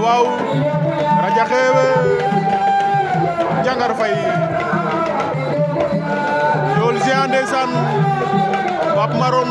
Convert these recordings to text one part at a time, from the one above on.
waaw waaw Radia Xewe Jangar Fay loolu géant ndeysaan Pape Maron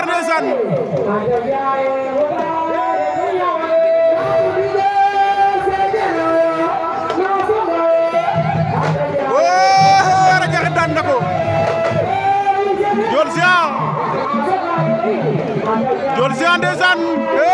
Dakar ndeysaan oh, daan na ko Ndiol Géant Ndiol Géant